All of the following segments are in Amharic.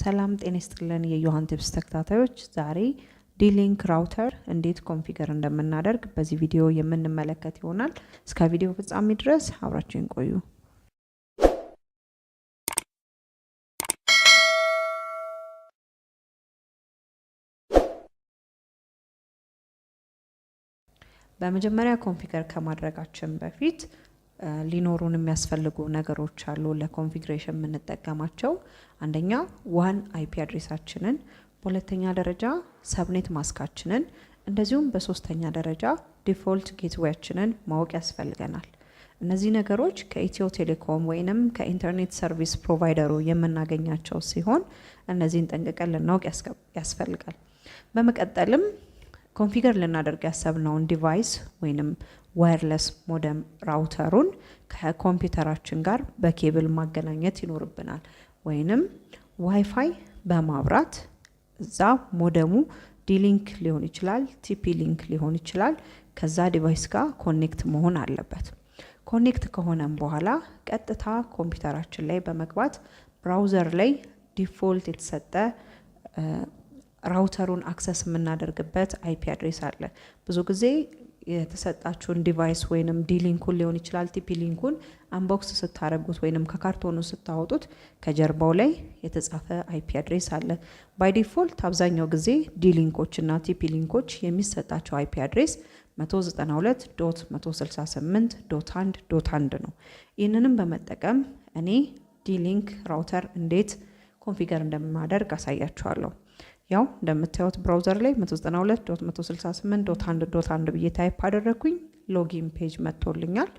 ሰላም ጤና ይስጥልን የዮሃን ቲፕስ ተከታታዮች፣ ዛሬ ዲሊንክ ራውተር እንዴት ኮንፊገር እንደምናደርግ በዚህ ቪዲዮ የምንመለከት ይሆናል። እስከ ቪዲዮ ፍጻሜ ድረስ አብራችሁን ቆዩ። በመጀመሪያ ኮንፊገር ከማድረጋችን በፊት ሊኖሩን የሚያስፈልጉ ነገሮች አሉ። ለኮንፊግሬሽን የምንጠቀማቸው አንደኛ ዋን አይፒ አድሬሳችንን፣ በሁለተኛ ደረጃ ሰብኔት ማስካችንን፣ እንደዚሁም በሶስተኛ ደረጃ ዲፎልት ጌትዌያችንን ማወቅ ያስፈልገናል። እነዚህ ነገሮች ከኢትዮ ቴሌኮም ወይንም ከኢንተርኔት ሰርቪስ ፕሮቫይደሩ የምናገኛቸው ሲሆን እነዚህን ጠንቅቀን ልናውቅ ያስፈልጋል። በመቀጠልም ኮንፊገር ልናደርግ ያሰብነውን ዲቫይስ ወይንም ዋይርለስ ሞደም ራውተሩን ከኮምፒውተራችን ጋር በኬብል ማገናኘት ይኖርብናል። ወይንም ዋይፋይ በማብራት እዛ ሞደሙ ዲሊንክ ሊሆን ይችላል፣ ቲፒ ሊንክ ሊሆን ይችላል። ከዛ ዲቫይስ ጋር ኮኔክት መሆን አለበት። ኮኔክት ከሆነም በኋላ ቀጥታ ኮምፒውተራችን ላይ በመግባት ብራውዘር ላይ ዲፎልት የተሰጠ ራውተሩን አክሰስ የምናደርግበት አይፒ አድሬስ አለ። ብዙ ጊዜ የተሰጣችሁን ዲቫይስ ወይንም ዲሊንኩን ሊሆን ይችላል ቲፒ ሊንኩን አንቦክስ ስታደረጉት ወይንም ከካርቶኑ ስታወጡት ከጀርባው ላይ የተጻፈ አይፒ አድሬስ አለ። ባይ ዲፎልት አብዛኛው ጊዜ እና ቲፒ ሊንኮች የሚሰጣቸው አይፒ አድሬስ 192 ዶት 168 ዶት 1 ዶት 1 ነው። ይህንንም በመጠቀም እኔ ዲሊንክ ራውተር እንዴት ኮንፊገር እንደማደርግ አሳያችኋለሁ። ያው እንደምታዩት ብራውዘር ላይ 192.168.1.1 ብዬ ታይፕ አደረግኩኝ። ሎጊን ፔጅ መጥቶልኛል።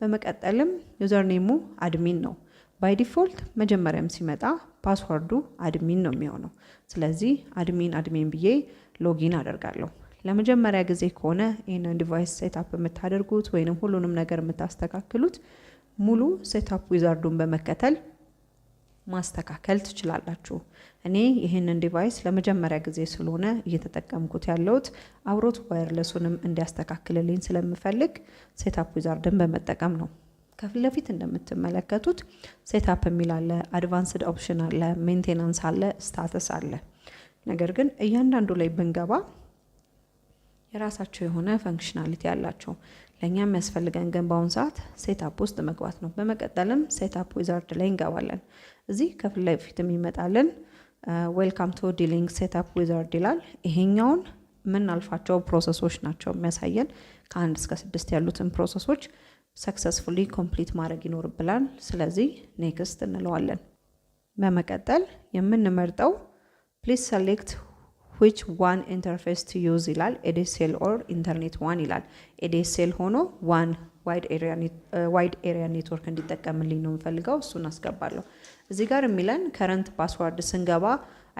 በመቀጠልም ዩዘርኔሙ አድሚን ነው። ባይ ዲፎልት መጀመሪያም ሲመጣ ፓስወርዱ አድሚን ነው የሚሆነው። ስለዚህ አድሚን አድሚን ብዬ ሎጊን አደርጋለሁ። ለመጀመሪያ ጊዜ ከሆነ ይህንን ዲቫይስ ሴታፕ የምታደርጉት ወይንም ሁሉንም ነገር የምታስተካክሉት ሙሉ ሴታፕ ዊዛርዱን በመከተል ማስተካከል ትችላላችሁ። እኔ ይህንን ዲቫይስ ለመጀመሪያ ጊዜ ስለሆነ እየተጠቀምኩት ያለሁት አብሮት ዋየርለሱንም እንዲያስተካክልልኝ ስለምፈልግ ሴታፕ ዊዛርድን በመጠቀም ነው። ከፊት ለፊት እንደምትመለከቱት ሴታፕ የሚል አለ፣ አድቫንስድ ኦፕሽን አለ፣ ሜንቴናንስ አለ፣ ስታተስ አለ። ነገር ግን እያንዳንዱ ላይ ብንገባ የራሳቸው የሆነ ፈንክሽናሊቲ አላቸው። ለእኛ የሚያስፈልገን ግን በአሁኑ ሰዓት ሴታፕ ውስጥ መግባት ነው። በመቀጠልም ሴታፕ ዊዛርድ ላይ እንገባለን። እዚህ ከፊት ለፊት የሚመጣልን ዌልካም ቱ ዲሊንግ ሴታፕ ዊዛርድ ይላል። ይሄኛውን የምናልፋቸው ፕሮሰሶች ናቸው የሚያሳየን ከአንድ እስከ ስድስት ያሉትን ፕሮሰሶች ሰክሰስፉሊ ኮምፕሊት ማድረግ ይኖርብናል። ስለዚህ ኔክስት እንለዋለን። በመቀጠል የምንመርጠው ፕሊስ ሰሌክት ዊች ዋን ኢንተርፌስ ቱ ዩዝ ይላል። ኤዲሴል ኦር ኢንተርኔት ዋን ይላል። ኤዲሴል ሆኖ ዋን ዋይድ ኤሪያ ኔትወርክ እንዲጠቀምልኝ ነው የምፈልገው። እሱን አስገባለሁ። እዚህ ጋር የሚለን ከረንት ፓስዋርድ ስንገባ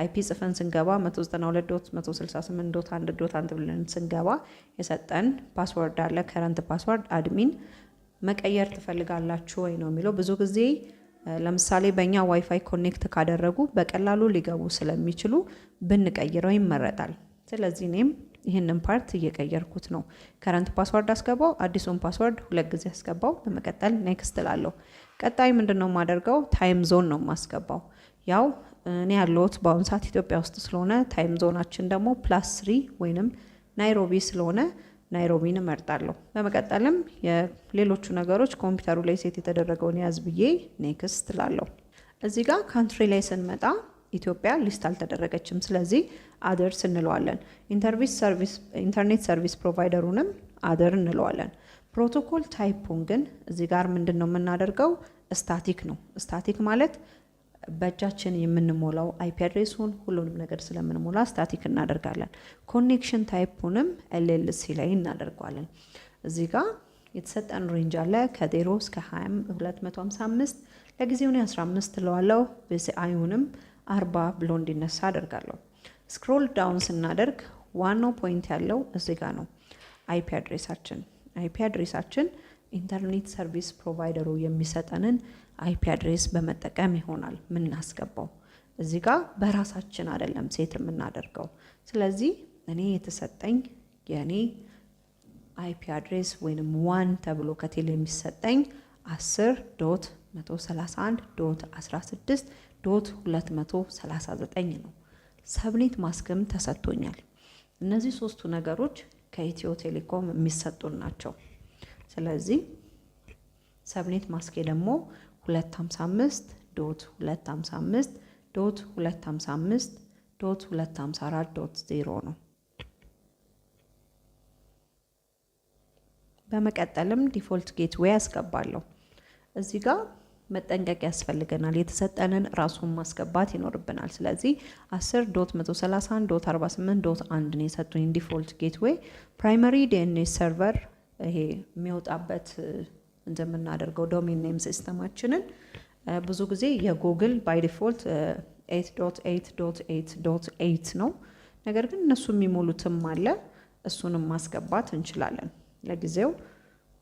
አይፒ ጽፈን ስንገባ 192.168.1.1 ብለን ስንገባ የሰጠን ፓስወርድ አለ። ከረንት ፓስዋርድ አድሚን መቀየር ትፈልጋላችሁ ወይ ነው የሚለው ብዙ ጊዜ ለምሳሌ በእኛ ዋይፋይ ኮኔክት ካደረጉ በቀላሉ ሊገቡ ስለሚችሉ ብንቀይረው ይመረጣል። ስለዚህ እኔም ይህንን ፓርት እየቀየርኩት ነው። ከረንት ፓስወርድ አስገባው፣ አዲሱን ፓስወርድ ሁለት ጊዜ አስገባው፣ በመቀጠል ኔክስት ላለሁ። ቀጣይ ምንድን ነው የማደርገው? ታይም ዞን ነው የማስገባው። ያው እኔ ያለሁት በአሁኑ ሰዓት ኢትዮጵያ ውስጥ ስለሆነ ታይም ዞናችን ደግሞ ፕላስ ስሪ ወይንም ናይሮቢ ስለሆነ ናይሮቢን እመርጣለሁ። በመቀጠልም የሌሎቹ ነገሮች ኮምፒውተሩ ላይ ሴት የተደረገውን ያዝ ብዬ ኔክስት ላለሁ። እዚህ ጋር ካንትሪ ላይ ስንመጣ ኢትዮጵያ ሊስት አልተደረገችም። ስለዚህ አደር እንለዋለን። ኢንተርኔት ሰርቪስ ፕሮቫይደሩንም አደር እንለዋለን። ፕሮቶኮል ታይፑን ግን እዚህ ጋር ምንድን ነው የምናደርገው? ስታቲክ ነው። ስታቲክ ማለት በእጃችን የምንሞላው አይፒ አድሬሱን ሁሉንም ነገር ስለምንሞላ ስታቲክ እናደርጋለን። ኮኔክሽን ታይፑንም ኤልኤልሲ ላይ እናደርጓለን። እዚህ ጋር የተሰጠን ሬንጅ አለ ከ0 እስከ 2255 ለጊዜውን 15 ትለዋለው። ቢሲአዩንም 40 ብሎ እንዲነሳ አደርጋለሁ። ስክሮል ዳውን ስናደርግ ዋናው ፖይንት ያለው እዚህ ጋር ነው። አይፒ አድሬሳችን አይፒ አድሬሳችን ኢንተርኔት ሰርቪስ ፕሮቫይደሩ የሚሰጠንን አይፒ አድሬስ በመጠቀም ይሆናል የምናስገባው። እዚህ ጋር በራሳችን አይደለም ሴት የምናደርገው። ስለዚህ እኔ የተሰጠኝ የእኔ አይፒ አድሬስ ወይንም ዋን ተብሎ ከቴል የሚሰጠኝ 10 ዶት 131 ዶት 16 ዶት 239 ነው። ሰብኔት ማስክም ተሰጥቶኛል። እነዚህ ሶስቱ ነገሮች ከኢትዮ ቴሌኮም የሚሰጡን ናቸው። ስለዚህ ሰብኔት ማስኬ ደግሞ 255 ዶት 255 ዶት 255 ዶት 254 ዶት 0 ነው። በመቀጠልም ዲፎልት ጌትዌይ አስገባለሁ። እዚህ ጋር መጠንቀቅ ያስፈልገናል። የተሰጠንን ራሱን ማስገባት ይኖርብናል። ስለዚህ 10 ዶት 131 ዶት 48 ዶት 1 ነው የሰጡኝ ዲፎልት ጌትዌይ ፕራይመሪ ዲኤንኤስ ሰርቨር ይሄ የሚወጣበት እንደምናደርገው ዶሜን ኔም ሲስተማችንን ብዙ ጊዜ የጉግል ባይ ዲፎልት ኤይት ዶት ኤይት ዶት ኤት ዶት ነው። ነገር ግን እነሱ የሚሞሉትም አለ እሱንም ማስገባት እንችላለን። ለጊዜው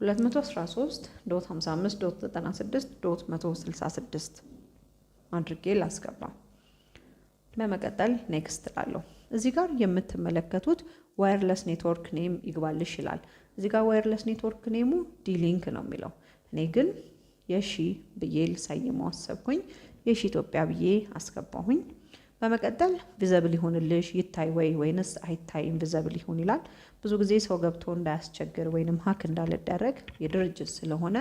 213 ዶት 55 ዶት 96 ዶት 166 አድርጌ ላስገባ። በመቀጠል ኔክስት ላለሁ እዚህ ጋር የምትመለከቱት ዋየርለስ ኔትወርክ ኔም ይግባልሽ ይላል። እዚህ ጋር ዋይርለስ ኔትወርክ ኔሙ ዲሊንክ ነው የሚለው። እኔ ግን የሺ ብዬ ልሰይመው አሰብኩኝ። የሺ ኢትዮጵያ ብዬ አስገባሁኝ። በመቀጠል ቪዘብል ይሁንልሽ ይታይ ወይ ወይንስ አይታይም ቪዘብል ይሁን ይላል። ብዙ ጊዜ ሰው ገብቶ እንዳያስቸግር ወይንም ሀክ እንዳልደረግ የድርጅት ስለሆነ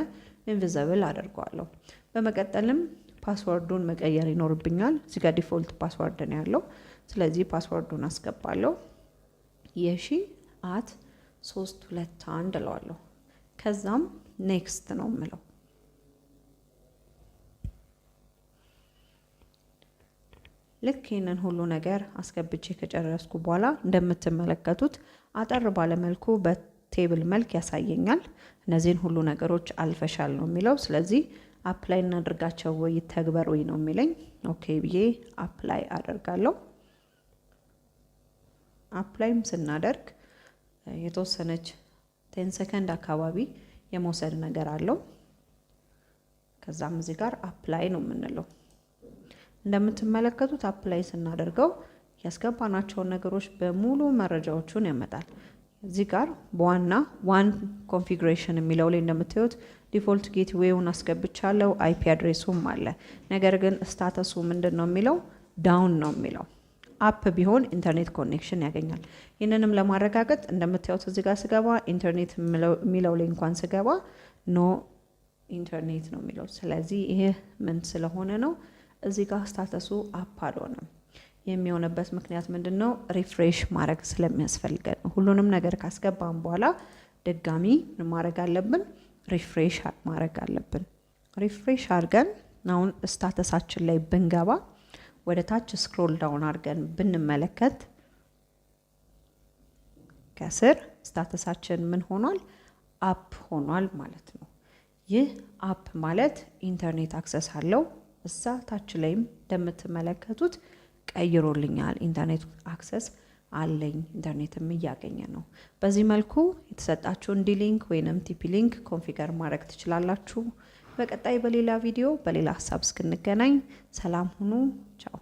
ኢንቪዘብል አደርገዋለሁ። በመቀጠልም ፓስወርዱን መቀየር ይኖርብኛል። እዚጋ ዲፎልት ፓስወርድ ነው ያለው። ስለዚህ ፓስወርዱን አስገባለሁ የሺ አት ሶስት ሁለት አንድ እለዋለሁ። ከዛም ኔክስት ነው የምለው። ልክ ይህንን ሁሉ ነገር አስገብቼ ከጨረስኩ በኋላ እንደምትመለከቱት አጠር ባለመልኩ በቴብል መልክ ያሳየኛል። እነዚህን ሁሉ ነገሮች አልፈሻል ነው የሚለው። ስለዚህ አፕላይ እናድርጋቸው ወይ ተግበር ወይ ነው የሚለኝ። ኦኬ ብዬ አፕላይ አደርጋለሁ። አፕላይም ስናደርግ የተወሰነች ቴን ሰከንድ አካባቢ የመውሰድ ነገር አለው። ከዛም እዚህ ጋር አፕላይ ነው የምንለው። እንደምትመለከቱት አፕላይ ስናደርገው ያስገባናቸውን ነገሮች በሙሉ መረጃዎቹን ያመጣል። እዚህ ጋር በዋና ዋን ኮንፊግሬሽን የሚለው ላይ እንደምታዩት ዲፎልት ጌትዌውን አስገብቻለሁ። አይፒ አድሬሱም አለ። ነገር ግን ስታተሱ ምንድን ነው የሚለው ዳውን ነው የሚለው አፕ ቢሆን ኢንተርኔት ኮኔክሽን ያገኛል። ይህንንም ለማረጋገጥ እንደምታዩት እዚህ ጋር ስገባ ኢንተርኔት የሚለው ላይ እንኳን ስገባ ኖ ኢንተርኔት ነው የሚለው። ስለዚህ ይሄ ምን ስለሆነ ነው? እዚህ ጋር ስታተሱ አፕ አልሆነም። የሚሆነበት ምክንያት ምንድን ነው? ሪፍሬሽ ማድረግ ስለሚያስፈልገን ነው። ሁሉንም ነገር ካስገባን በኋላ ድጋሚ ምን ማድረግ አለብን? ሪፍሬሽ ማድረግ አለብን። ሪፍሬሽ አድርገን አሁን ስታተሳችን ላይ ብንገባ ወደ ታች ስክሮል ዳውን አድርገን ብንመለከት ከስር ስታተሳችን ምን ሆኗል? አፕ ሆኗል ማለት ነው። ይህ አፕ ማለት ኢንተርኔት አክሰስ አለው። እዛ ታች ላይም እንደምትመለከቱት ቀይሮልኛል። ኢንተርኔት አክሰስ አለኝ፣ ኢንተርኔትም እያገኘ ነው። በዚህ መልኩ የተሰጣችሁን ዲ ሊንክ ወይንም ቲፒ ሊንክ ኮንፊገር ማድረግ ትችላላችሁ። በቀጣይ በሌላ ቪዲዮ በሌላ ሀሳብ እስክንገናኝ ሰላም ሁኑ። ቻው